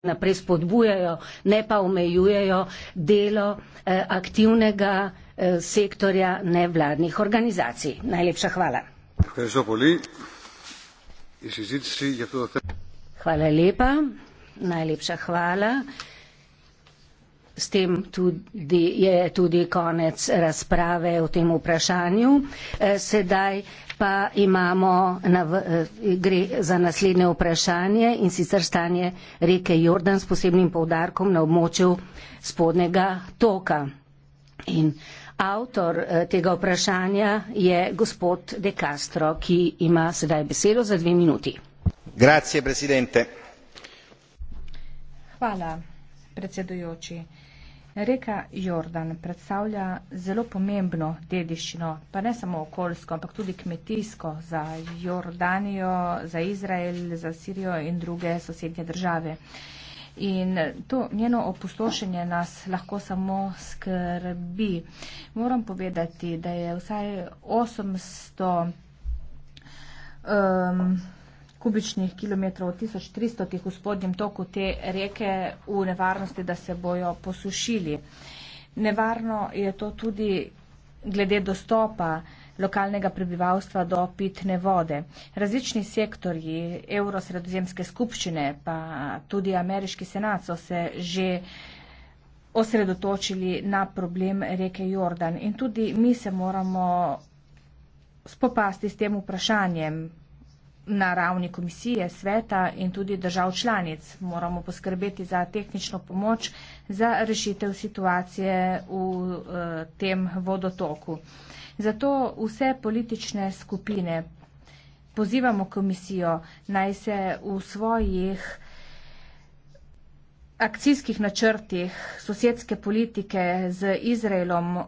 naprej spodbujajo, ne pa omejujejo delo eh, aktivnega eh, sektorja nevladnih organizacij. Najlepša hvala. Hvala lepa. Najlepša hvala. S tem tudi, je tudi konec razprave o tem vprašanju. E, sedaj pa imamo na, e, gre za naslednje vprašanje in sicer stanje reke Jordan s posebnim povdarkom na območju spodnega toka. In avtor e, tega vprašanja je gospod De Castro, ki ima sedaj besedo za dve minuti. Grazie, Hvala, predsedujoči. Reka Jordan predstavlja zelo pomembno dediščino, pa ne samo okoljsko, ampak tudi kmetijsko za Jordanijo, za Izrael, za Sirijo in druge sosednje države. In to njeno opustošenje nas lahko samo skrbi. Moram povedati, da je vsaj 800. Um, kubičnih kilometrov, 1300 tih v spodnjem toku te reke v nevarnosti, da se bojo posušili. Nevarno je to tudi glede dostopa lokalnega prebivalstva do pitne vode. Različni sektorji Evrosredozemske skupščine pa tudi ameriški senat so se že osredotočili na problem reke Jordan in tudi mi se moramo spopasti s tem vprašanjem, na ravni komisije, sveta in tudi držav članic moramo poskrbeti za tehnično pomoč za rešitev situacije v eh, tem vodotoku. Zato vse politične skupine pozivamo komisijo naj se v svojih akcijskih načrtih sosedske politike z Izraelom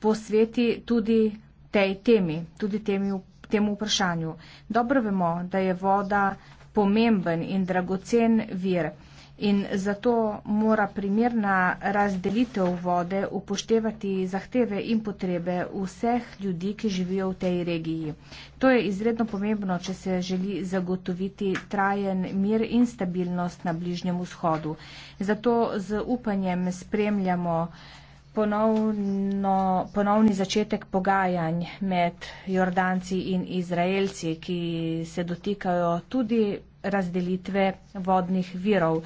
posveti tudi tej temi, tudi temi vprašanjem temu vprašanju. Dobro vemo, da je voda pomemben in dragocen vir in zato mora primerna razdelitev vode upoštevati zahteve in potrebe vseh ljudi, ki živijo v tej regiji. To je izredno pomembno, če se želi zagotoviti trajen mir in stabilnost na Bližnjem vzhodu. Zato z upanjem spremljamo ponovno, ponovni začetek pogajanj med Jordanci in Izraelci, ki se dotikajo tudi razdelitve vodnih virov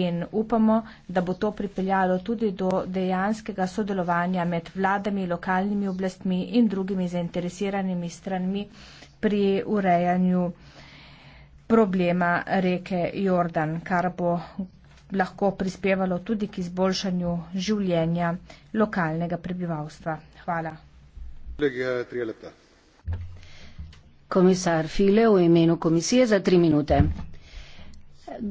in upamo, da bo to pripeljalo tudi do dejanskega sodelovanja med vladami, lokalnimi oblastmi in drugimi zainteresiranimi stranmi pri urejanju problema reke Jordan, kar bo lahko prispevalo tudi k izboljšanju življenja lokalnega prebivalstva. Hvala. Komisar File v imenu komisije za tri minute.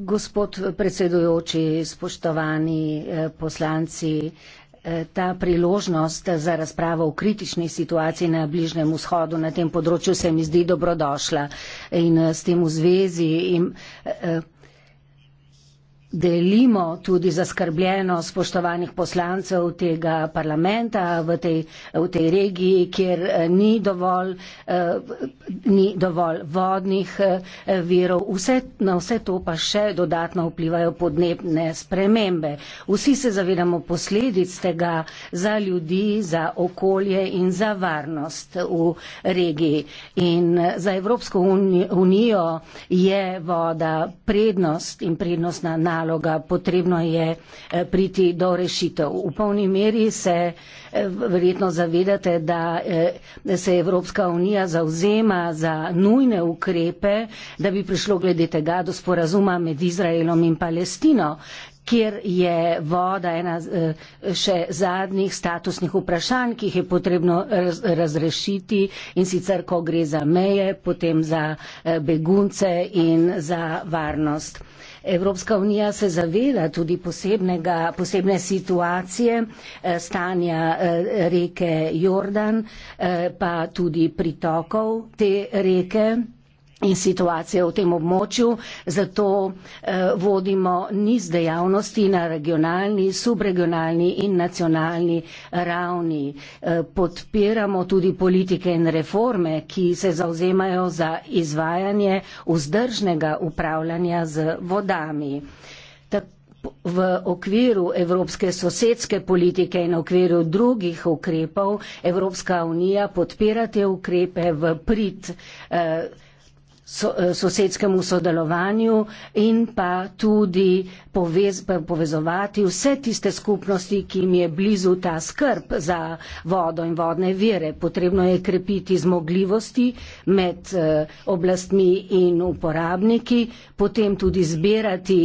Gospod predsedujoči, spoštovani eh, poslanci, eh, ta priložnost za razpravo v kritični situaciji na Bližnem vzhodu na tem področju se mi zdi dobrodošla in eh, s tem v zvezi in, delimo tudi zaskrbljeno spoštovanih poslancev tega parlamenta v tej, v tej regiji, kjer eh, ni dovolj, eh, ni dovolj vodnih eh, virov. Vse, na vse to pa še dodatno vplivajo podnebne spremembe. Vsi se zavedamo posledic tega za ljudi, za okolje in za varnost v regiji. In za Evropsko unijo je voda prednost in prednost na narod naloga, potrebno je eh, priti do rešitev. V polni meri se eh, verjetno zavedate, da eh, se Evropska unija zauzema za nujne ukrepe, da bi prišlo glede tega do sporazuma med Izraelom in Palestino kjer je voda ena še zadnjih statusnih vprašanj, ki jih je potrebno razrešiti in sicer, ko gre za meje, potem za begunce in za varnost. Evropska unija se zaveda tudi posebne situacije, eh, stanja eh, reke Jordan, eh, pa tudi pritokov te reke in situacije v tem območju, zato eh, vodimo niz dejavnosti na regionalni, subregionalni in nacionalni eh, ravni. Eh, podpiramo tudi politike in reforme, ki se zauzemajo za izvajanje vzdržnega upravljanja z vodami. V okviru evropske sosedske politike in v okviru drugih ukrepov Evropska unija podpira te ukrepe v prid. Eh, Eh, sosedskemu sodelovanju in pa tudi povez, povezovati vse tiste skupnosti, ki jim je blizu ta skrb za vodo in vodne vire. Potrebno je krepiti zmogljivosti med eh, oblastmi in uporabniki, potem tudi zbirati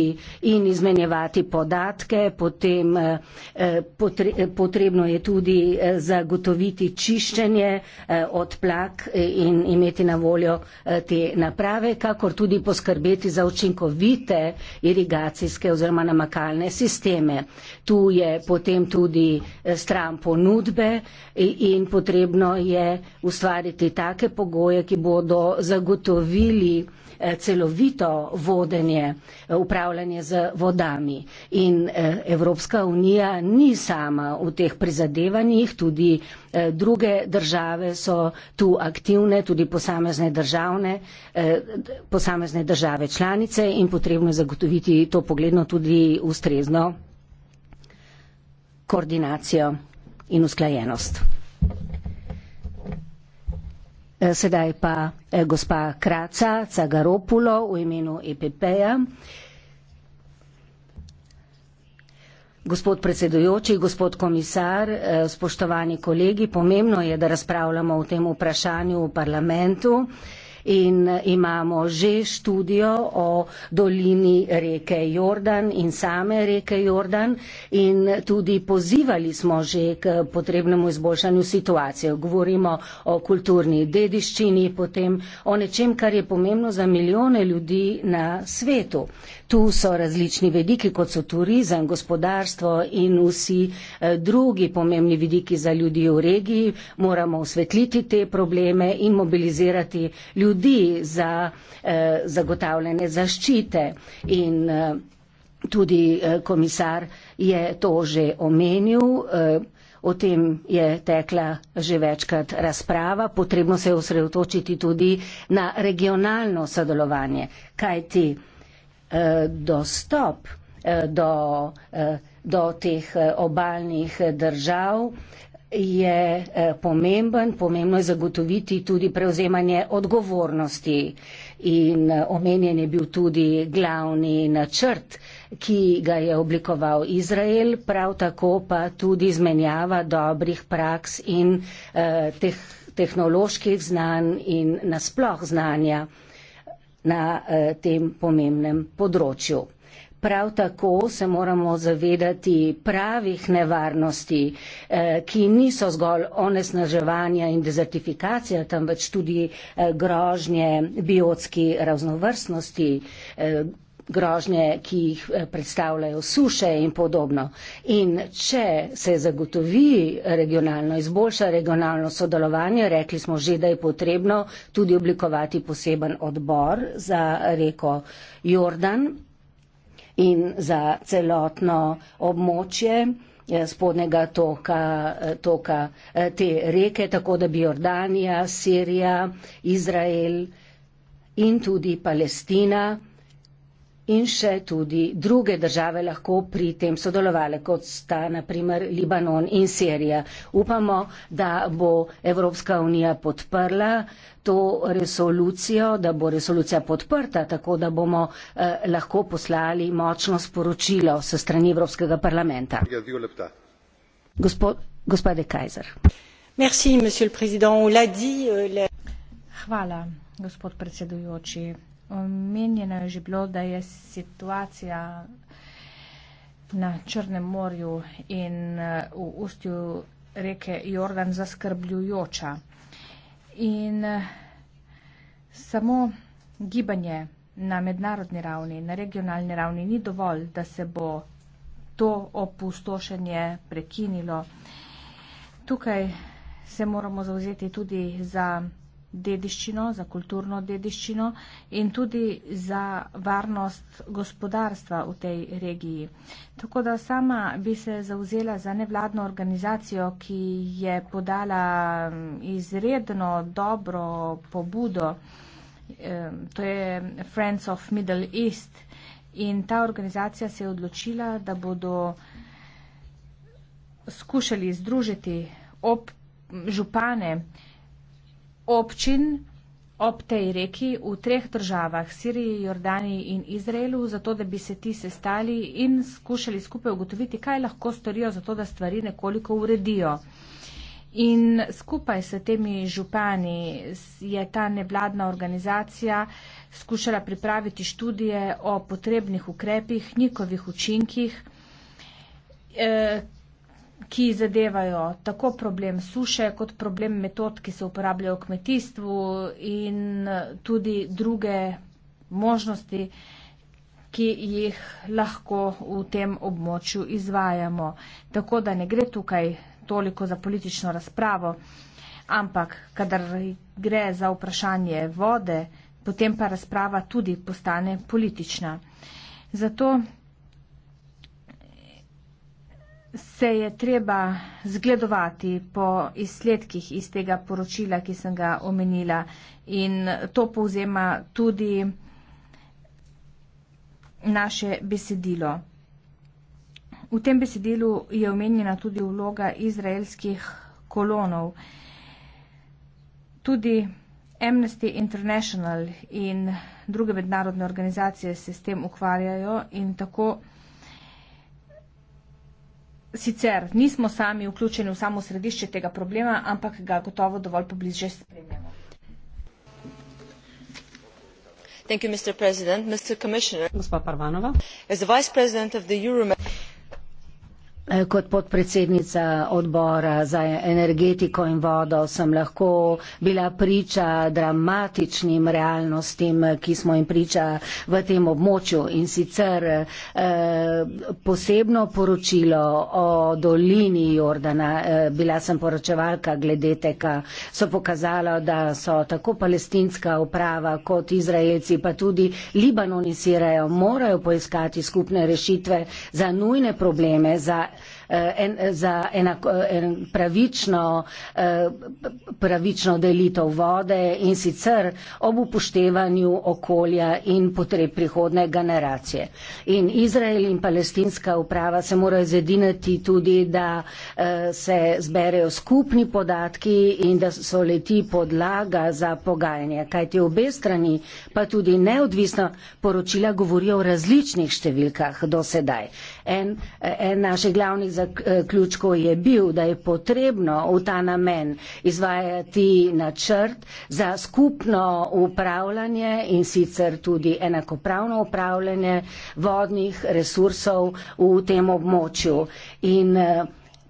in izmenjevati podatke, potem eh, potrebno je tudi zagotoviti čiščenje odplak in imeti na voljo te napredke naprave, kakor tudi poskrbeti za učinkovite irigacijske oziroma namakalne sisteme. Tu je potem tudi eh, stran ponudbe in potrebno je ustvariti take pogoje, ki bodo zagotovili eh, celovito vodenje, eh, upravljanje z vodami. In Evropska unija ni sama v teh prizadevanjih, tudi Eh, druge države so tu aktivne, tudi posamezne, državne, eh, posamezne države članice in potrebno je zagotoviti to pogledno tudi ustrezno koordinacijo in usklajenost. Eh, sedaj pa gospa Kraca Cagaropulo v imenu EPP-ja. Gospod predsedujoči, gospod komisar, eh, spoštovani kolegi, pomembno je, da razpravljamo o tem vprašanju v parlamentu in eh, imamo že študijo o dolini reke Jordan in same reke Jordan in tudi pozivali smo že k potrebnemu izboljšanju situacije. Govorimo o kulturni dediščini, potem o nečem, kar je pomembno za milijone ljudi na svetu. Tu so različni vediki, kot so turizem, gospodarstvo in vsi eh, drugi pomembni vidiki za ljudi v regiji. Moramo osvetliti te probleme in mobilizirati ljudi ljudi, za eh, zagotavljanje zaščite. In eh, tudi eh, komisar je to že omenil. Eh, O tem je tekla že večkrat razprava. Potrebno se je osredotočiti tudi na regionalno sodelovanje, kajti eh, dostop eh, do, eh, do teh eh, obaljnih eh, držav eh, je eh, pomemben, pomembno je zagotoviti tudi prevzemanje odgovornosti in eh, omenjen je bil tudi glavni načrt, ki ga je oblikoval Izrael, prav tako pa tudi izmenjava dobrih praks in eh, teh, tehnoloških znanj in nasploh znanja na eh, tem pomembnem področju. Prav tako se moramo zavedati pravih nevarnosti, eh, ki niso zgolj onesnaževanja in dezertifikacija, temveč tudi eh, grožnje biotski raznovrstnosti eh, grožnje, ki jih predstavljajo suše in podobno. In če se zagotovi regionalno, izboljša regionalno sodelovanje, rekli smo že, da je potrebno tudi oblikovati poseben odbor za reko Jordan, in za celotno območje eh, spodnega toka, eh, toka eh, te reke, tako da bi Jordanija, Sirija, Izrael in tudi Palestina in še tudi druge države lahko pri tem sodelovali, kot sta naprimer Libanon in Sirija. Upamo, da bo Evropska unija podprla to resolucijo, da bo resolucija podprta, tako da bomo eh, lahko poslali močno sporočilo se strani Evropskega parlamenta. Gospod Kajzer. Merci, euh, Hvala, gospod predsedujoči. Omenjeno je že bilo, da je situacija na Črnem morju in eh, v ustju reke Jordan zaskrbljujoča. In eh, samo gibanje na mednarodni ravni, na regionalni ravni ni dovolj, da se bo to opustošenje prekinilo. Tukaj se moramo zauzeti tudi za dediščino, za kulturno dediščino in tudi za varnost gospodarstva v tej regiji. Tako da sama bi se zauzela za nevladno organizacijo, ki je podala mm, izredno dobro pobudo, to je Friends of Middle East in ta organizacija se je odločila, da bodo skušali združiti ob župane, občin ob tej reki v treh državah, Siriji, Jordaniji in Izraelu, zato da bi se ti sestali in skušali skupaj ugotoviti, kaj lahko storijo za to, da stvari nekoliko uredijo. In skupaj s temi župani je ta nevladna organizacija skušala pripraviti študije o potrebnih ukrepih, njihovih učinkih, eh, ki zadevajo tako problem suše, kot problem metod, ki se uporabljajo v kmetijstvu in eh, tudi druge možnosti, ki jih lahko v tem območju izvajamo. Tako da ne gre tukaj toliko za politično razpravo, ampak kadar gre za vprašanje vode, potem pa razprava tudi postane politična. Zato se je treba zgledovati po izsledkih iz tega poročila, ki sem ga omenila. In to povzema tudi naše besedilo. V tem besedilu je omenjena tudi vloga izraelskih kolonov. Tudi Amnesty International in druge mednarodne organizacije se s tem ukvarjajo in tako sicer nismo sami vključeni v samo središče tega problema, ampak ga gotovo dovolj pobliže spremljamo. Thank you, Mr. President. Mr. Commissioner. Gospa Parvanova. As the Vice President of the Euro Eh, kot podpredsednica odbora za energetiko in vodo sem lahko bila priča dramatičnim realnostim, ki smo jim priča v tem območju. In sicer eh, posebno poročilo o dolini Jordana, eh, bila sem poročevalka glede tega, so pokazalo, da so tako palestinska uprava kot izraelci, pa tudi libanonisirajo, morajo poiskati skupne rešitve za nujne probleme. Za Eh, en, za enako, eh, en pravično, eh, pravično delitev vode in sicer ob upoštevanju okolja in potreb prihodne generacije. In Izrael in palestinska uprava se morajo zedinati tudi, da se zberejo skupni podatki in da so leti podlaga za pogajanje. Kajti obe strani, pa tudi neodvisna poročila govorijo o različnih številkah do sedaj en, en naših glavnih zaključkov je bil, da je potrebno v ta namen izvajati načrt za skupno upravljanje in sicer tudi enakopravno upravljanje vodnih resursov v tem območju. In, eh,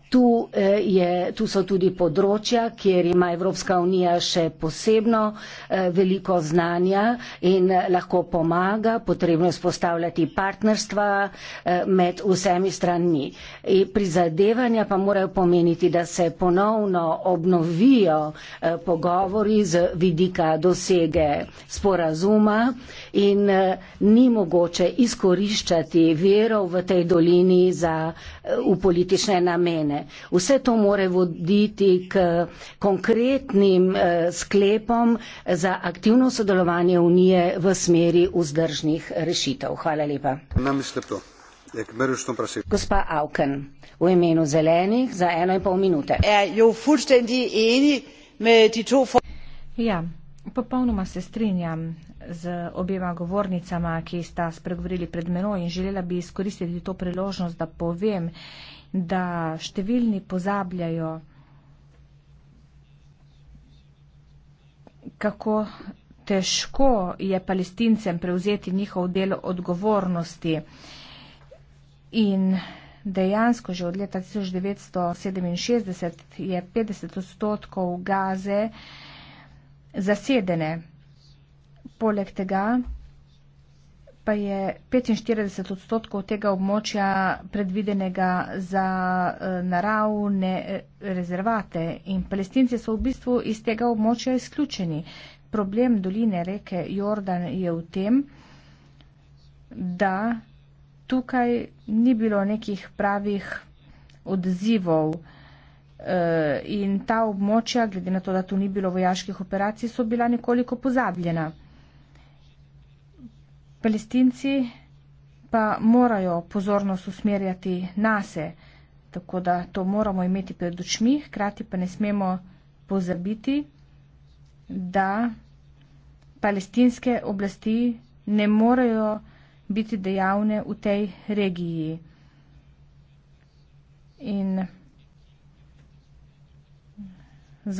Tu, eh, je, tu so tudi področja, kjer ima Evropska unija še posebno eh, veliko znanja in eh, lahko pomaga, potrebno je spostavljati partnerstva med vsemi stranmi. E, prizadevanja pa morajo pomeniti, da se ponovno obnovijo pogovori z vidika dosege sporazuma in ni mogoče izkoriščati verov v tej dolini za, v politične namene ne. Vse to more voditi k konkretnim eh, sklepom za aktivno sodelovanje Unije v smeri vzdržnih rešitev. Hvala lepa. Gospa Auken, v imenu zelenih za eno in pol minute. Ja, ja popolnoma se strinjam z objema govornicama, ki sta spregovorili pred menoj in želela bi izkoristiti to priložnost, da povem, da številni pozabljajo, kako težko je palestincem prevzeti njihov del odgovornosti in dejansko že od leta 1967 je 50 odstotkov gaze zasedene. Poleg tega pa je 45 odstotkov tega območja predvidenega za eh, naravne eh, rezervate in palestinci so v bistvu iz tega območja izključeni. Problem doline reke Jordan je v tem, da tukaj ni bilo nekih pravih odzivov eh, in ta območja, glede na to, da tu ni bilo vojaških operacij, so bila nekoliko pozabljena. Palestinci pa morajo pozornost usmerjati nase, tako da to moramo imeti pred očmi, hkrati pa ne smemo pozabiti, da palestinske oblasti ne morejo biti dejavne v tej regiji. In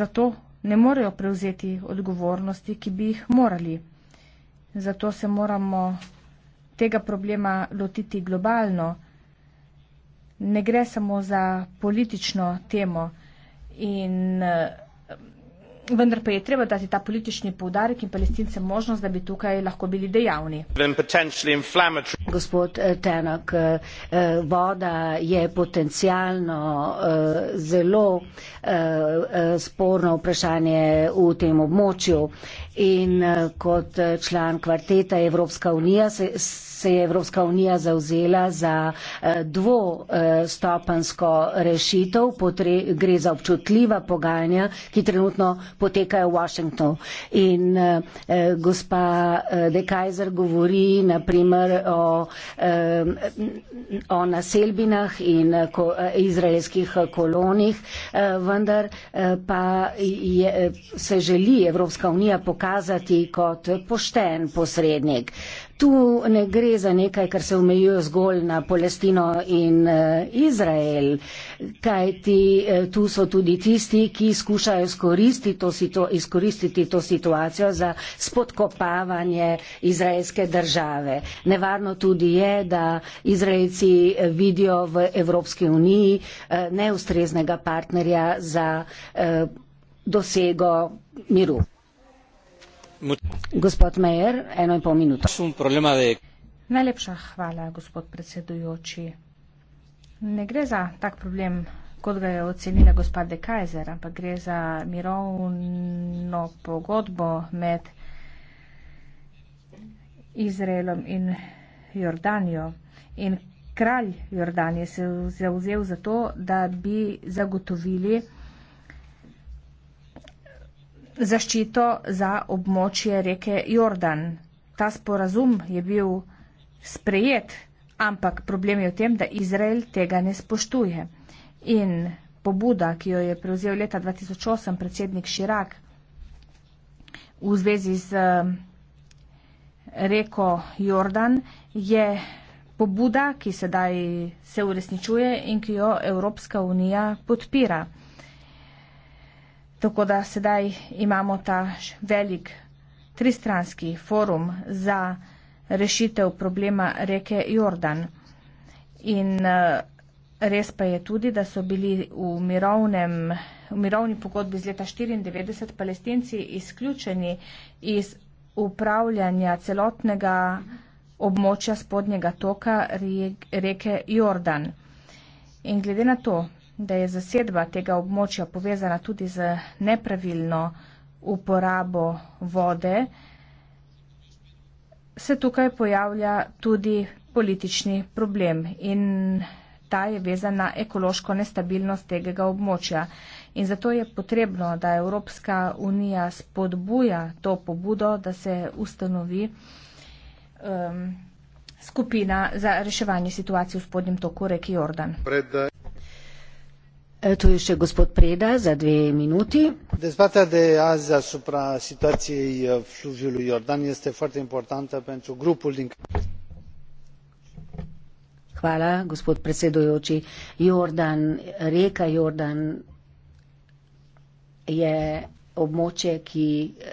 zato ne morejo prevzeti odgovornosti, ki bi jih morali zato se moramo tega problema lotiti globalno. Ne gre samo za politično temo in eh, vendar pa je treba dati ta politični poudarek in palestincem možnost, da bi tukaj lahko bili dejavni. Gospod eh, Tenok, eh, eh, voda je potencijalno zelo sporno vprašanje v tem območju in kot član kvarteta Evropska unija se, se je Evropska unija zauzela za eh, dvostopansko eh, rešitev, potre, gre za občutljiva pogajanja, ki trenutno potekajo v Washingtonu. In eh, eh gospa De Kaiser govori naprimer o, eh, o naselbinah in ko, izraelskih kolonih, eh, vendar eh, pa je, se želi Evropska unija pokazati kot pošten posrednik. Eh, Tu ne gre za nekaj, kar se omejuje zgolj na Palestino in eh, Izrael, kajti eh, tu so tudi tisti, ki skušajo izkoristiti to situacijo za spodkopavanje izraelske države. Nevarno tudi je, da Izraelci eh, vidijo v Evropski uniji neustreznega partnerja za dosego miru. Najlepša hvala, gospod predsedujoči. Ne gre za tak problem, kot ga je ocenila gospa De Kajzer, ampak gre za mirovno pogodbo med Izraelom in Jordanijo. In kralj Jordanije se je zauzel za to, da bi zagotovili zaščito za območje reke Jordan. Ta sporazum je bil sprejet, ampak problem je v tem, da Izrael tega ne spoštuje. In pobuda, ki jo je prevzel leta 2008 predsednik Širak v zvezi z um, reko Jordan, je pobuda, ki sedaj se uresničuje in ki jo Evropska unija podpira. Tako da sedaj imamo ta velik tristranski forum za rešitev problema reke Jordan. In eh, res pa je tudi, da so bili v, mirovnem, v mirovni pogodbi z leta 1994 palestinci izključeni iz upravljanja celotnega območja spodnjega toka reke Jordan. In glede na to, da je zasedba tega območja povezana tudi z nepravilno uporabo vode, se tukaj pojavlja tudi politični problem in ta je vezan na ekološko nestabilnost tega območja. In zato je potrebno, da Evropska unija spodbuja to pobudo, da se ustanovi um, skupina za reševanje situacije v spodnjem toku reki Jordan. Pred, uh... E, tu este gospod Preda za dve minuti. Dezbaterea de azi asupra situației e, fluviului Iordan este foarte importantă pentru grupul din Hvala, gospod predsedujoči. Jordan, reka Jordan je območje, ki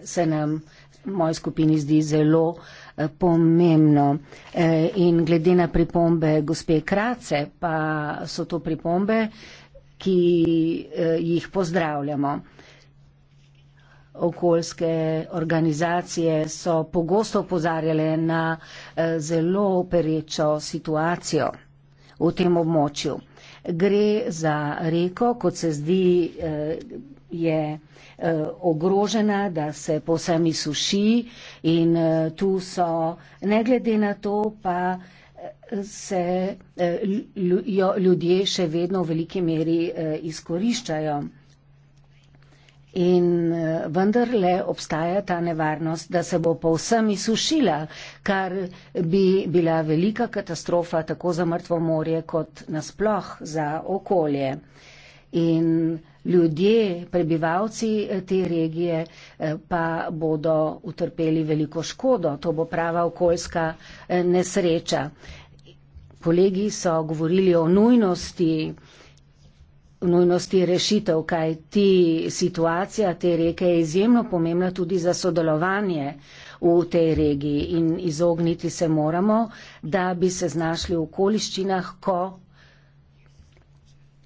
se nam moji skupini zdi zelo e, pomembno. In glede na pripombe gospe Krace, pa so to pripombe, ki eh, jih pozdravljamo. Okoljske organizacije so pogosto upozarjale na eh, zelo perečo situacijo v tem območju. Gre za reko, kot se zdi, eh, je ogrožena, da se posami suši in tu so, ne glede na to, pa se eh, jo ljudje še vedno v veliki meri eh, izkoriščajo. In eh, vendarle obstaja ta nevarnost, da se bo povsem izsušila, kar bi bila velika katastrofa tako za mrtvo morje kot nasploh za okolje in ljudje, prebivalci eh, te regije eh, pa bodo utrpeli veliko škodo. To bo prava okoljska eh, nesreča. Kolegi so govorili o nujnosti nujnosti rešitev, kaj ti situacija te reke je izjemno pomembna tudi za sodelovanje v tej regiji in izogniti se moramo, da bi se znašli v okoliščinah, ko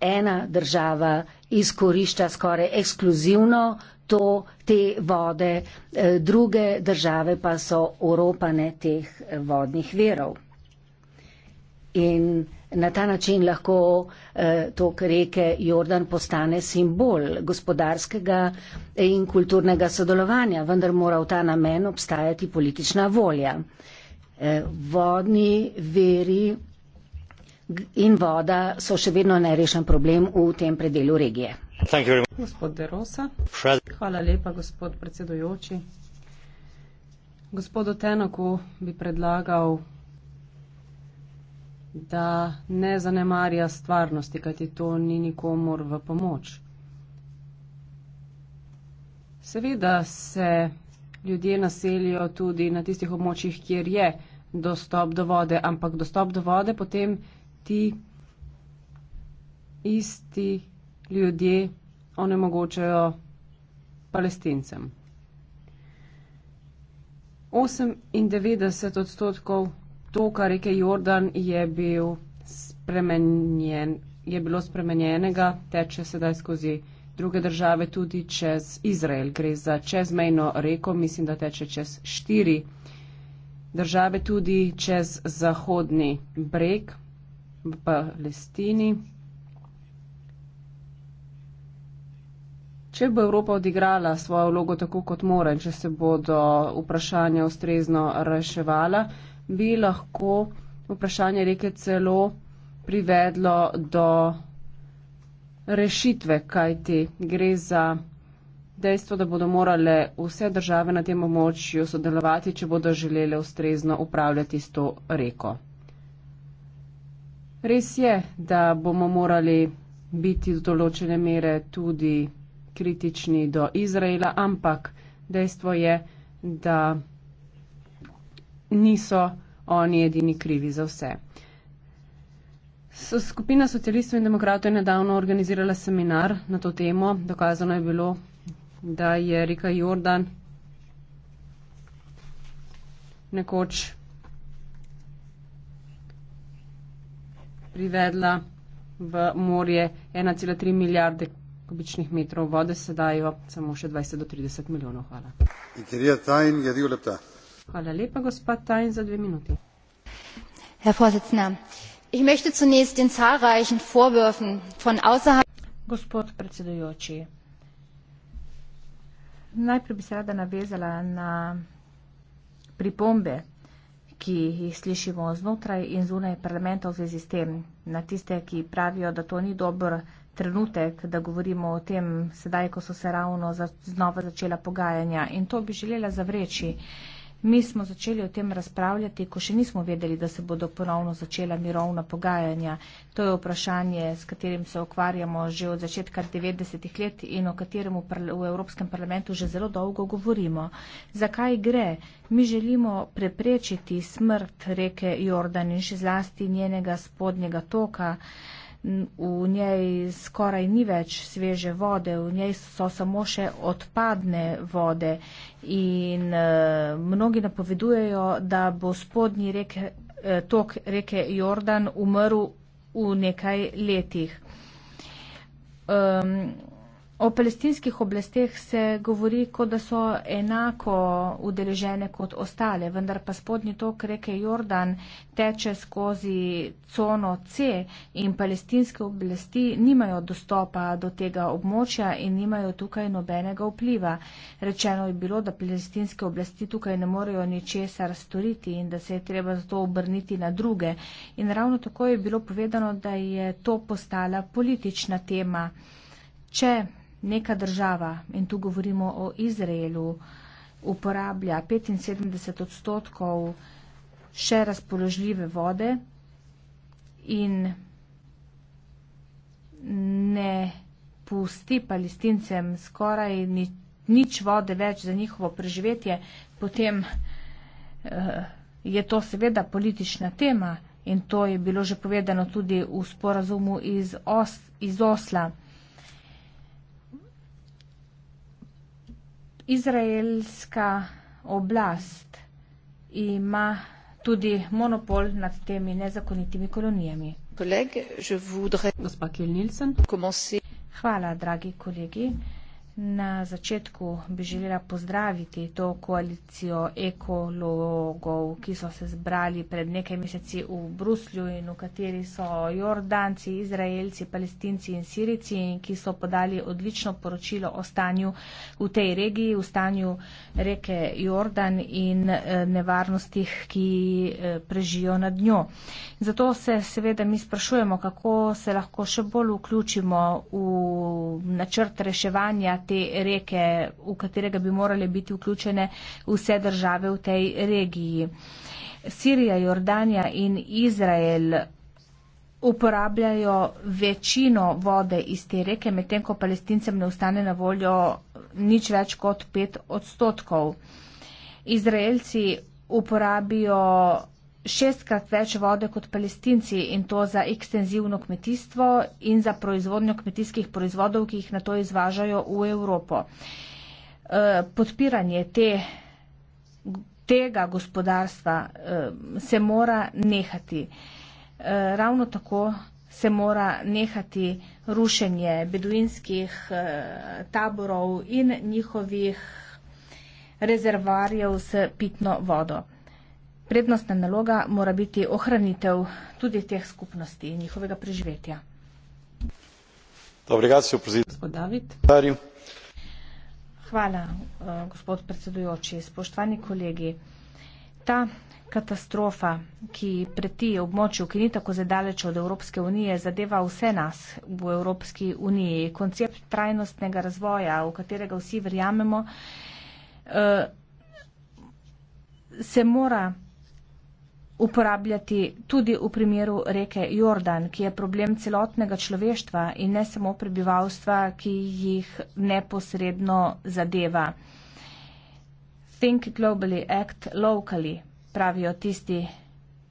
ena država izkorišča skoraj ekskluzivno to, te vode, eh, druge države pa so oropane teh eh, vodnih verov. In na ta način lahko eh, tok reke Jordan postane simbol gospodarskega eh, in kulturnega sodelovanja, vendar mora v ta namen obstajati politična volja. Eh, vodni veri in voda so še vedno nerešen problem v tem predelu regije. Gospod De Rosa. Hvala lepa, gospod predsedujoči. Gospodu Tenoku bi predlagal, da ne zanemarja stvarnosti, kajti to ni nikomor v pomoč. Seveda se ljudje naselijo tudi na tistih območjih, kjer je dostop do vode, ampak dostop do vode potem ti isti ljudje onemogočajo palestincem. 98 odstotkov toka reke Jordan je, bil spremenjen, je bilo spremenjenega, teče sedaj skozi druge države, tudi čez Izrael. Gre za čezmejno reko, mislim, da teče čez štiri države, tudi čez zahodni breg, Palestini. Če bo Evropa odigrala svojo vlogo tako, kot mora, in če se bodo vprašanja ustrezno reševala, bi lahko vprašanje reke celo privedlo do rešitve, kajti gre za dejstvo, da bodo morale vse države na tem območju sodelovati, če bodo želele ustrezno upravljati s to reko. Res je, da bomo morali biti do določene mere tudi kritični do Izraela, ampak dejstvo je, da niso oni edini krivi za vse. Skupina socialistov in demokratov je nedavno organizirala seminar na to temo. Dokazano je bilo, da je Rika Jordan nekoč privedla v morje 1,3 milijarde kubičnih metrov vode, sedaj jo samo še 20 do 30 milijonov. Hvala. Hvala lepa, gospod Tajn, za dve minuti. Gospod predsedujoči, najprej bi se rada navezala na pripombe ki jih slišimo znotraj in zunaj parlamenta v zvezi s tem, na tiste, ki pravijo, da to ni dober trenutek, da govorimo o tem sedaj, ko so se ravno znova začela pogajanja. In to bi želela zavreči. Mi smo začeli o tem razpravljati, ko še nismo vedeli, da se bodo ponovno začela mirovna pogajanja. To je vprašanje, s katerim se ukvarjamo že od začetka 90-ih let in o katerem v, v Evropskem parlamentu že zelo dolgo govorimo. Zakaj gre? Mi želimo preprečiti smrt reke Jordan in še zlasti njenega spodnjega toka. Uh, v njej skoraj ni več sveže vode, v njej so samo še odpadne vode in e, mnogi napovedujejo, da bo spodnji rek, e, tok reke Jordan umrl v nekaj letih. Um, O palestinskih oblasteh se govori, kot da so enako udeležene kot ostale, vendar pa spodnji tok reke Jordan teče skozi cono C in palestinske oblasti nimajo dostopa do tega območja in nimajo tukaj nobenega vpliva. Rečeno je bilo, da palestinske oblasti tukaj ne morejo ničesar storiti in da se je treba zato obrniti na druge. In ravno tako je bilo povedano, da je to postala politična tema. Če neka država, in tu govorimo o Izraelu, uporablja 75 odstotkov še razpoložljive vode in ne pusti palestincem skoraj nič vode več za njihovo preživetje, potem eh, je to seveda politična tema in to je bilo že povedano tudi v sporazumu iz, Os iz Osla. izraelska oblast ima tudi monopol nad temi nezakonitimi kolonijami. Kolege, je voudre... Gospa Kiel Nielsen. Commencer. Hvala, dragi kolegi. Na začetku bi želela pozdraviti to koalicijo ekologov, ki so se zbrali pred nekaj meseci v Bruslju in v kateri so Jordanci, Izraelci, Palestinci in Sirici, ki so podali odlično poročilo o stanju v tej regiji, v stanju reke Jordan in eh, nevarnostih, ki eh, prežijo nad njo. Zato se seveda mi sprašujemo, kako se lahko še bolj vključimo v načrt reševanja te reke, v katerega bi morale biti vključene vse države v tej regiji. Sirija, Jordanija in Izrael uporabljajo večino vode iz te reke, medtem ko palestincem ne ustane na voljo nič več kot 5 odstotkov. Izraelci uporabijo šestkrat več vode kot palestinci in to za ekstenzivno kmetijstvo in za proizvodnjo kmetijskih proizvodov, ki jih na to izvažajo v Evropo. Eh, podpiranje te, tega gospodarstva eh, se mora nehati. Eh, ravno tako se mora nehati rušenje beduinskih taborov in njihovih rezervarjev s pitno vodo prednostna naloga mora biti ohranitev tudi teh skupnosti in njihovega preživetja. Hvala, eh, gospod predsedujoči. Spoštovani kolegi, ta katastrofa, ki preti območju, ki ni tako zadaleč od Evropske unije, zadeva vse nas v Evropski uniji. Koncept trajnostnega razvoja, v katerega vsi verjamemo, eh, se mora uporabljati tudi v primeru reke Jordan, ki je problem celotnega človeštva in ne samo prebivalstva, ki jih neposredno zadeva. Think globally, act locally, pravijo tisti,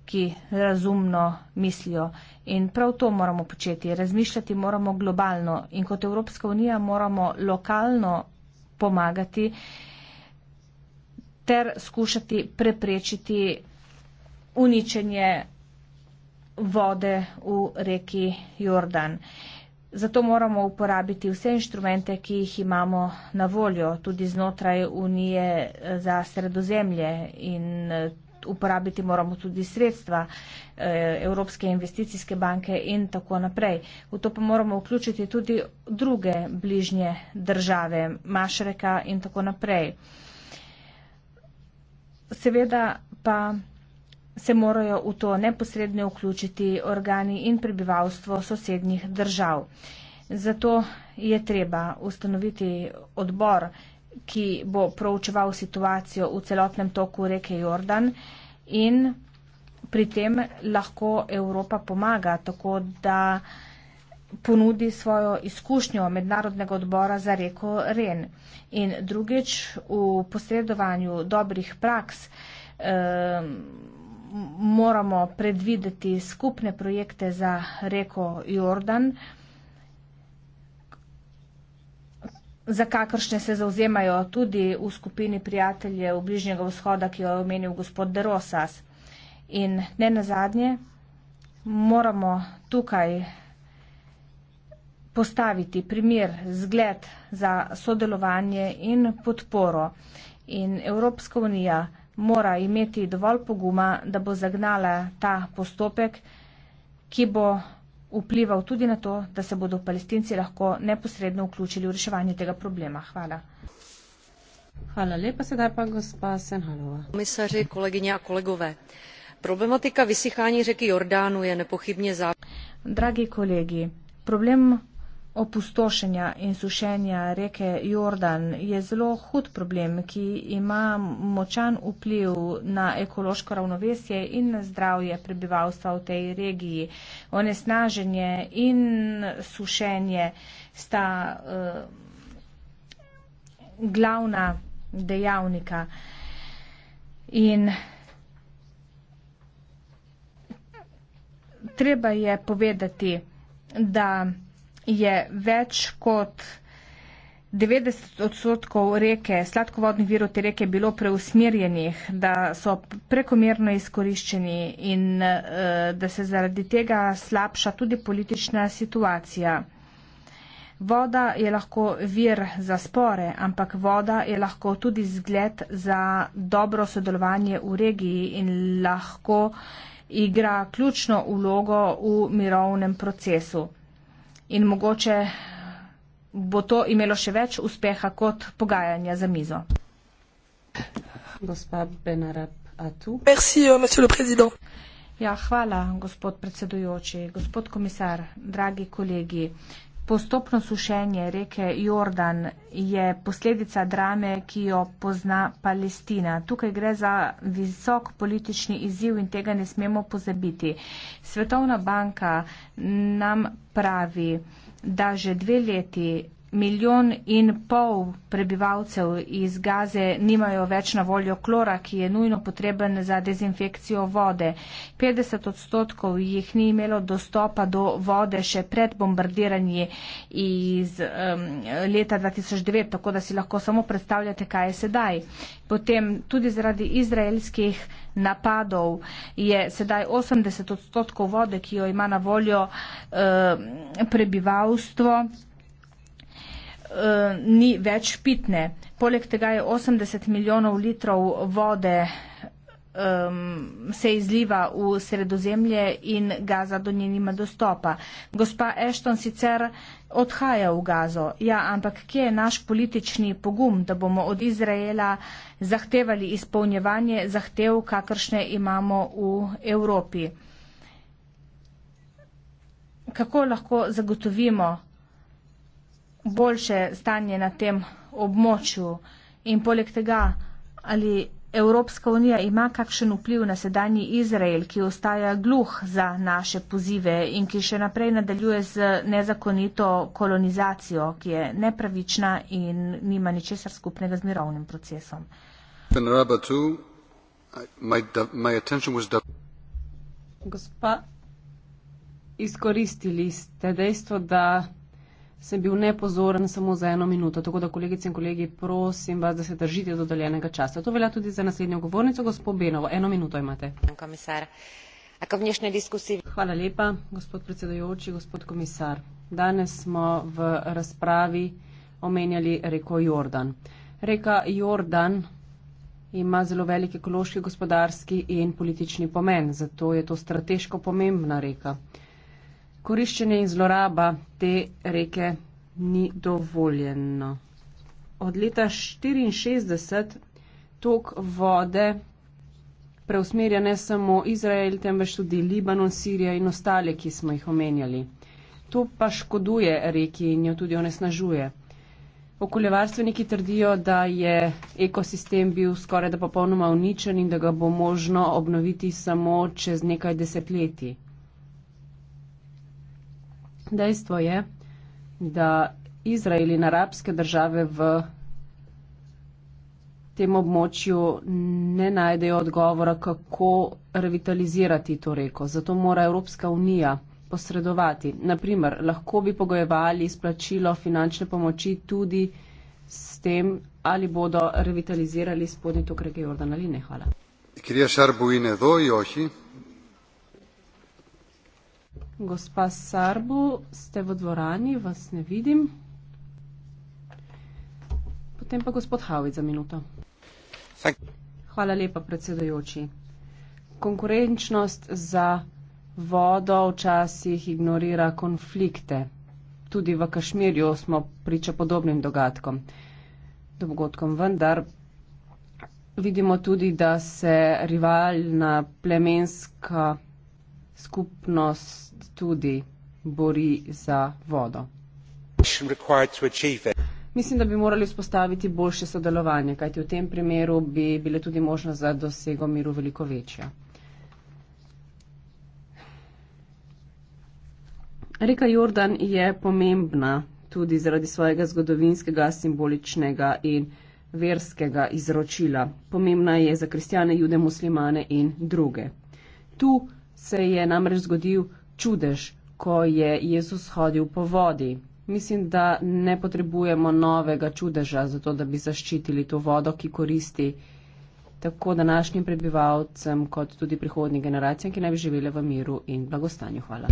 ki razumno mislijo. In prav to moramo početi. Razmišljati moramo globalno in kot Evropska unija moramo lokalno pomagati ter skušati preprečiti uničenje vode v reki Jordan. Zato moramo uporabiti vse inštrumente, ki jih imamo na voljo, tudi znotraj Unije eh, za sredozemlje in eh, uporabiti moramo tudi sredstva eh, Evropske investicijske banke in tako naprej. V to pa moramo vključiti tudi druge bližnje države, Mašreka in tako naprej. Seveda pa se morajo v to neposredno vključiti organi in prebivalstvo sosednjih držav. Zato je treba ustanoviti odbor, ki bo proučeval situacijo v celotnem toku reke Jordan in pri tem lahko Evropa pomaga, tako da ponudi svojo izkušnjo mednarodnega odbora za reko Ren. In drugič, v posredovanju dobrih praks eh, moramo predvideti skupne projekte za reko Jordan, za kakršne se zauzemajo tudi v skupini prijateljev Bližnjega vzhoda, ki jo je omenil gospod Derosas. In ne nazadnje, moramo tukaj postaviti primer, zgled za sodelovanje in podporo. In Evropska unija mora imeti dovolj poguma, da bo zagnala ta postopek, ki bo vplival tudi na to, da se bodo palestinci lahko neposredno vključili v reševanje tega problema. Hvala. Hvala lepa, sedaj pa gospa Senhanova. Komisarji, kolegyne in kolegove, problematika vysychanja reke Jordánu je nepochybně za. Dragi kolegi, problem opustošenja in sušenja reke Jordan je zelo hud problem, ki ima močan vpliv na ekološko ravnovesje in na zdravje prebivalstva v tej regiji. Onesnaženje in sušenje sta uh, glavna dejavnika. In treba je povedati, da je več kot 90 odstotkov reke, sladkovodnih virov te reke bilo preusmerjenih, da so prekomerno izkoriščeni in eh, da se zaradi tega slabša tudi politična situacija. Voda je lahko vir za spore, ampak voda je lahko tudi zgled za dobro sodelovanje v regiji in lahko igra ključno vlogo v mirovnem procesu in mogoče bo to imelo še več uspeha kot pogajanja za mizo. Gospa Benarab, a tu? Merci, euh, monsieur le président. Ja, hvala, gospod predsedujoči, gospod komisar, dragi kolegi. Postopno sušenje reke Jordan je posledica drame, ki jo pozna Palestina. Tukaj gre za visok politični izziv in tega ne smemo pozabiti. Svetovna banka nam pravi, da že dve leti milijon in pol prebivalcev iz Gaze nimajo več na voljo klora, ki je nujno potreben za dezinfekcijo vode. 50 odstotkov jih ni imelo dostopa do vode še pred bombardiranji iz um, leta 2009, tako da si lahko samo predstavljate, kaj je sedaj. Potem tudi zaradi izraelskih napadov je sedaj 80 odstotkov vode, ki jo ima na voljo uh, prebivalstvo. Eh, ni več pitne. Poleg tega je 80 milijonov litrov vode se izliva v sredozemlje in Gaza do nje nima dostopa. Gospa Ashton sicer odhaja v Gazo. Ja, ampak kje je naš politični pogum, da bomo od Izraela zahtevali izpolnjevanje zahtev, kakršne imamo v Evropi? Kako lahko zagotovimo, boljše stanje na tem območju? In poleg tega, ali Evropska unija ima kakšen vpliv na sedanji Izrael, ki ostaja gluh za naše pozive in ki še naprej nadaljuje z nezakonito kolonizacijo, ki je nepravična in nima ničesar skupnega z mirovnim procesom? Gospa, izkoristili ste dejstvo, da sem bil nepozoren samo za eno minuto. Tako da, kolegice in kolegi, prosim vas, da se držite dodeljenega časa. To velja tudi za naslednjo govornico, gospod Benovo. Eno minuto imate. Hvala lepa, gospod predsedujoči, gospod komisar. Danes smo v razpravi omenjali reko Jordan. Reka Jordan ima zelo velik ekološki, gospodarski in politični pomen, zato je to strateško pomembna reka koriščenje in zloraba te reke ni dovoljeno. Od leta 1964 tok vode preusmerja ne samo Izrael, temveč tudi Libanon, Sirija in ostale, ki smo jih omenjali. To pa škoduje reki in jo tudi onesnažuje. Okoljevarstveniki trdijo, da je ekosistem bil skoraj da popolnoma uničen in da ga bo možno obnoviti samo čez nekaj desetletij. Dejstvo je, da Izrael in arabske države v tem območju ne najdejo odgovora, kako revitalizirati to reko. Zato mora Evropska unija posredovati. Naprimer, lahko bi pogojevali izplačilo finančne pomoči tudi s tem, ali bodo revitalizirali spodnji tok reke Jordan ali ne. Hvala. Kriješar Bujine, do Joši. Gospa Sarbu, ste v dvorani, vas ne vidim. Potem pa gospod Havit za minuto. Hvala lepa, predsedujoči. Konkurenčnost za vodo včasih ignorira konflikte. Tudi v Kašmirju smo priča podobnim dogodkom. dogodkom. Vendar vidimo tudi, da se rivalna plemenska skupnost tudi bori za vodo. Mislim, da bi morali vzpostaviti boljše sodelovanje, kajti v tem primeru bi bile tudi možnost za dosego miru veliko večja. Reka Jordan je pomembna tudi zaradi svojega zgodovinskega, simboličnega in verskega izročila. Pomembna je za kristjane, jude, muslimane in druge. Tu se je namreč zgodil čudež, ko je Jezus hodil po vodi. Mislim, da ne potrebujemo novega čudeža, zato da bi zaščitili to vodo, ki koristi tako današnjim prebivalcem, kot tudi prihodnjim generacijam, ki naj bi živele v miru in blagostanju. Hvala.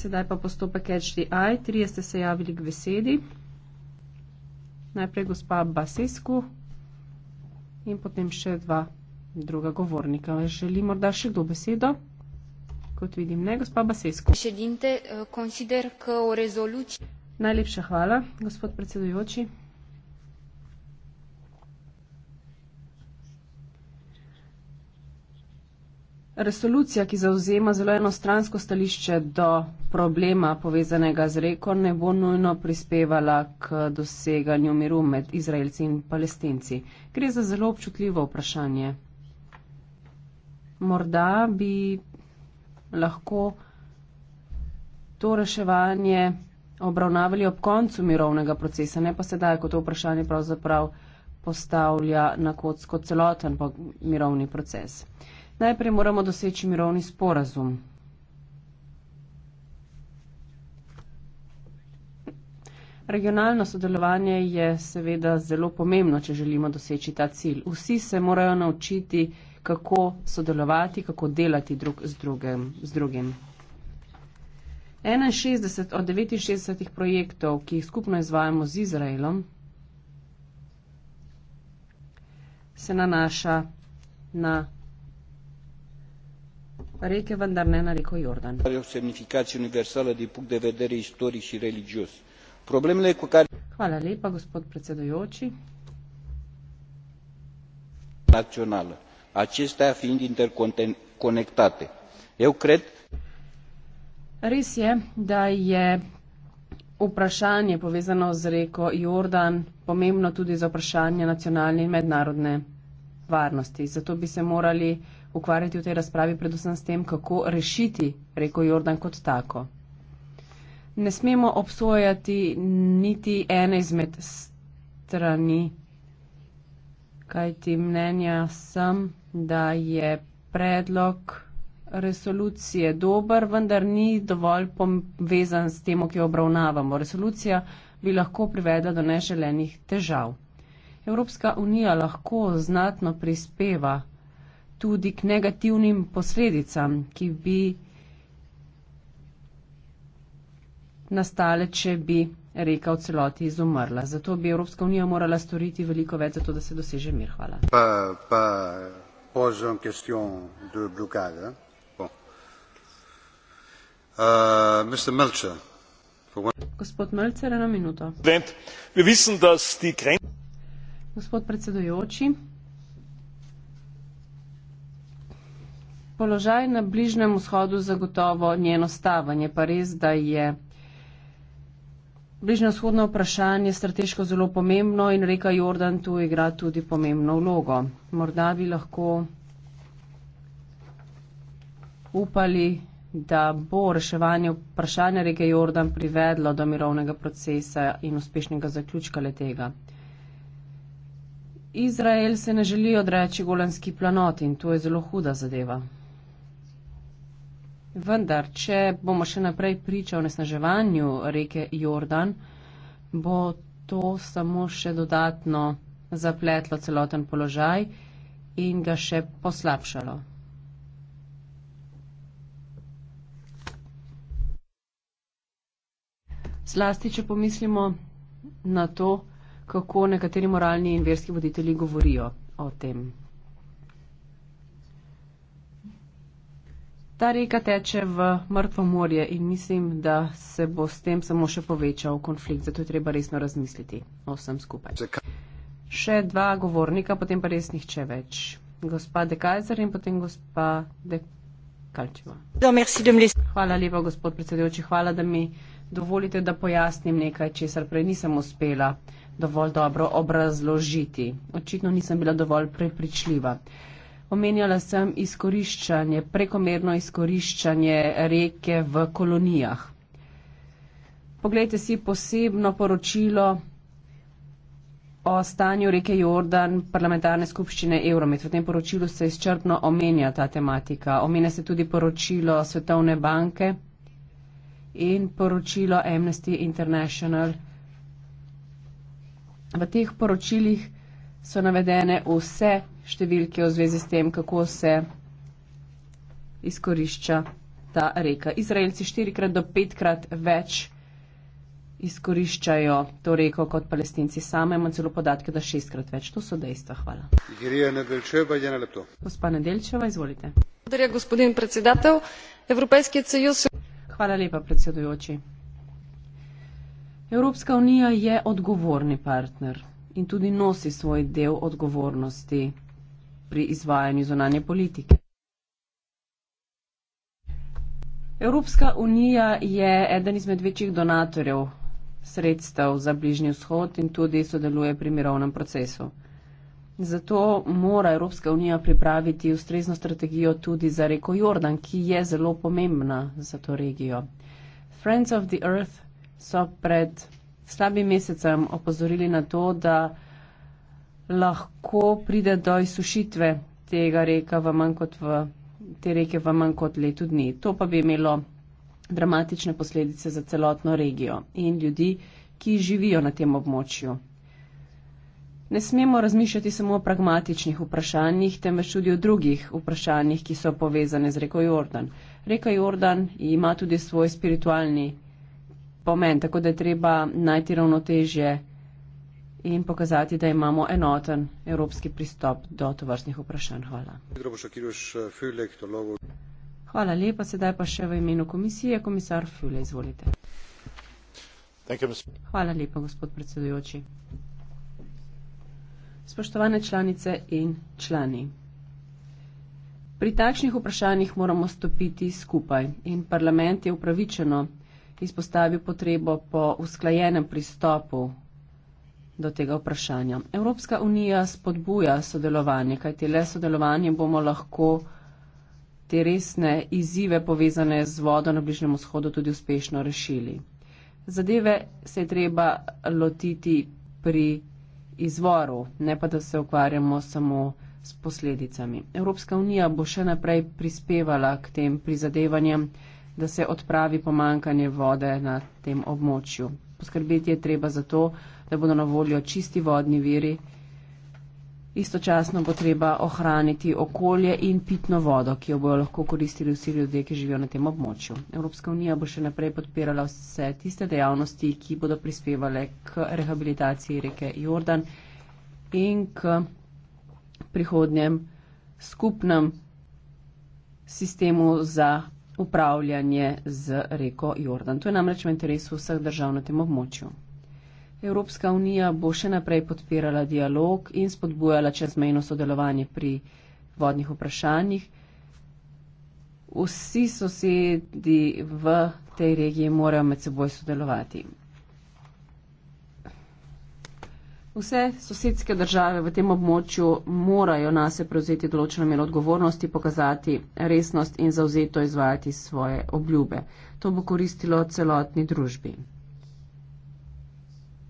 Sedaj pa postopek HDI. Trije ste se javili k besedi. Najprej gospa Basescu in potem še dva druga govornika. Želi morda še kdo besedo? Kot vidim, ne, gospa Basesko. Šedinte, konsider eh, k o rezoluciji. Najlepša hvala, gospod predsedujoči. Resolucija, ki zauzema zelo enostransko stališče do problema povezanega z reko, ne bo nujno prispevala k doseganju miru med Izraelci in palestinci. Gre za zelo občutljivo vprašanje morda bi lahko to reševanje obravnavali ob koncu mirovnega procesa, ne pa sedaj, ko to vprašanje pravzaprav postavlja na kocko celoten mirovni proces. Najprej moramo doseči mirovni sporazum. Regionalno sodelovanje je seveda zelo pomembno, če želimo doseči ta cilj. Vsi se morajo naučiti, kako sodelovati, kako delati drug z drugim. Z drugim. 61 od 69 projektov, ki jih skupno izvajamo z Izraelom, se nanaša na reke, vendar ne na reko Jordan. Hvala lepa, gospod predsedujoči. Nacionalno acestea fiind interconectate. Eu cred... Res je, da je vprašanje povezano z reko Jordan pomembno tudi za vprašanje nacionalne in mednarodne varnosti. Zato bi se morali ukvarjati v tej razpravi predvsem s tem, kako rešiti reko Jordan kot tako. Ne smemo obsojati niti ene izmed strani kajti mnenja sem, da je predlog resolucije dober, vendar ni dovolj povezan s tem, ki jo obravnavamo. Resolucija bi lahko privedla do neželenih težav. Evropska unija lahko znatno prispeva tudi k negativnim posledicam, ki bi nastale, če bi reka v celoti izumrla. Zato bi Evropska unija morala storiti veliko več, zato da se doseže mir. Hvala. Pa, pa, pozem question de blokade. Bon. Uh, Mr. Melcher. Gospod Melcher, eno minuto. Gospod predsedujoči, položaj na Bližnem vzhodu zagotovo njeno stavanje, pa res, da je Bližnjo-shodno vprašanje je strateško zelo pomembno in reka Jordan tu igra tudi pomembno vlogo. Morda bi lahko upali, da bo reševanje vprašanja reke Jordan privedlo do mirovnega procesa in uspešnega zaključka letega. Izrael se ne želi odreči golanski planoti in to je zelo huda zadeva. Vendar, če bomo še naprej pričali o nesnaževanju reke Jordan, bo to samo še dodatno zapletlo celoten položaj in ga še poslabšalo. Zlasti, če pomislimo na to, kako nekateri moralni in verski voditelji govorijo o tem Ta reka teče v mrtvo morje in mislim, da se bo s tem samo še povečal konflikt, zato je treba resno razmisliti o vsem skupaj. Še dva govornika, potem pa res nihče več. Gospa De Kajzer in potem gospa De Kalčeva. Ja, Hvala lepa, gospod predsedujoči. Hvala, da mi dovolite, da pojasnim nekaj, česar prej nisem uspela dovolj dobro obrazložiti. Očitno nisem bila dovolj prepričljiva. Omenjala sem izkoriščanje, prekomerno izkoriščanje reke v kolonijah. Poglejte si posebno poročilo o stanju reke Jordan parlamentarne skupščine Euromet. V tem poročilu se izčrpno omenja ta tematika. Omenja se tudi poročilo Svetovne banke in poročilo Amnesty International. V teh poročilih so navedene vse številke v zvezi s tem, kako se izkorišča ta reka. Izraelci štirikrat do petkrat več izkoriščajo to reko kot palestinci. Sama imam celo podatke, da šestkrat več. To so dejstva. Hvala. Gospa Nedelčeva, izvolite. Hvala lepa, predsedujoči. Evropska unija je odgovorni partner in tudi nosi svoj del odgovornosti pri izvajanju zunanje politike. Evropska unija je eden izmed večjih donatorjev sredstev za bližnji vzhod in tudi sodeluje pri mirovnem procesu. Zato mora Evropska unija pripraviti ustrezno strategijo tudi za reko Jordan, ki je zelo pomembna za to regijo. Friends of the Earth so pred slabim mesecem opozorili na to, da lahko pride do izsušitve tega reka v manj kot v te reke v manj kot letu dni. To pa bi imelo dramatične posledice za celotno regijo in ljudi, ki živijo na tem območju. Ne smemo razmišljati samo o pragmatičnih vprašanjih, temveč tudi o drugih vprašanjih, ki so povezane z reko Jordan. Reka Jordan ima tudi svoj spiritualni pomen, tako da je treba najti ravnotežje in pokazati, da imamo enoten evropski pristop do tovrstnih vprašanj. Hvala. Hvala lepa. Sedaj pa še v imenu komisije, komisar Füle, izvolite. Hvala lepa, gospod predsedujoči. Spoštovane članice in člani. Pri takšnih vprašanjih moramo stopiti skupaj in parlament je upravičeno izpostavil potrebo po usklajenem pristopu do tega vprašanja. Evropska unija spodbuja sodelovanje, kajti le sodelovanje bomo lahko te resne izzive povezane z vodo na Bližnjem vzhodu tudi uspešno rešili. Zadeve se je treba lotiti pri izvoru, ne pa da se ukvarjamo samo s posledicami. Evropska unija bo še naprej prispevala k tem prizadevanjem, da se odpravi pomankanje vode na tem območju. Poskrbeti je treba za to, da bodo na voljo čisti vodni viri. Istočasno bo treba ohraniti okolje in pitno vodo, ki jo bojo lahko koristili vsi ljudje, ki živijo na tem območju. Evropska unija bo še naprej podpirala vse tiste dejavnosti, ki bodo prispevale k rehabilitaciji reke Jordan in k prihodnjem skupnem sistemu za upravljanje z reko Jordan. To je namreč v interesu vseh držav na tem območju. Evropska unija bo še naprej podpirala dialog in spodbujala čezmejno sodelovanje pri vodnih vprašanjih. Vsi sosedi v tej regiji morajo med seboj sodelovati. Vse sosedske države v tem območju morajo na se prevzeti določeno mero odgovornosti, pokazati resnost in zauzeto izvajati svoje obljube. To bo koristilo celotni družbi.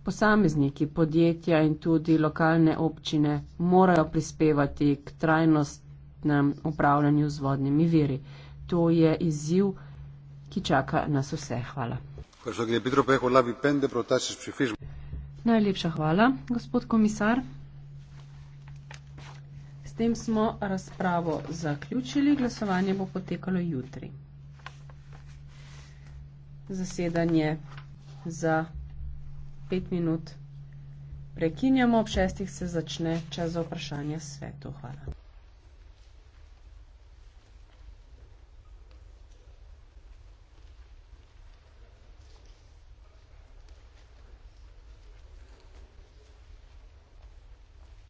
Posamezniki, podjetja in tudi lokalne občine morajo prispevati k trajnostnem upravljanju z vodnimi viri. To je izziv, ki čaka nas vse. Hvala. Najlepša hvala, gospod komisar. S tem smo razpravo zaključili. Glasovanje bo potekalo jutri. Zasedanje za pet minut prekinjamo, ob šestih se začne čas za vprašanje svetu. Hvala.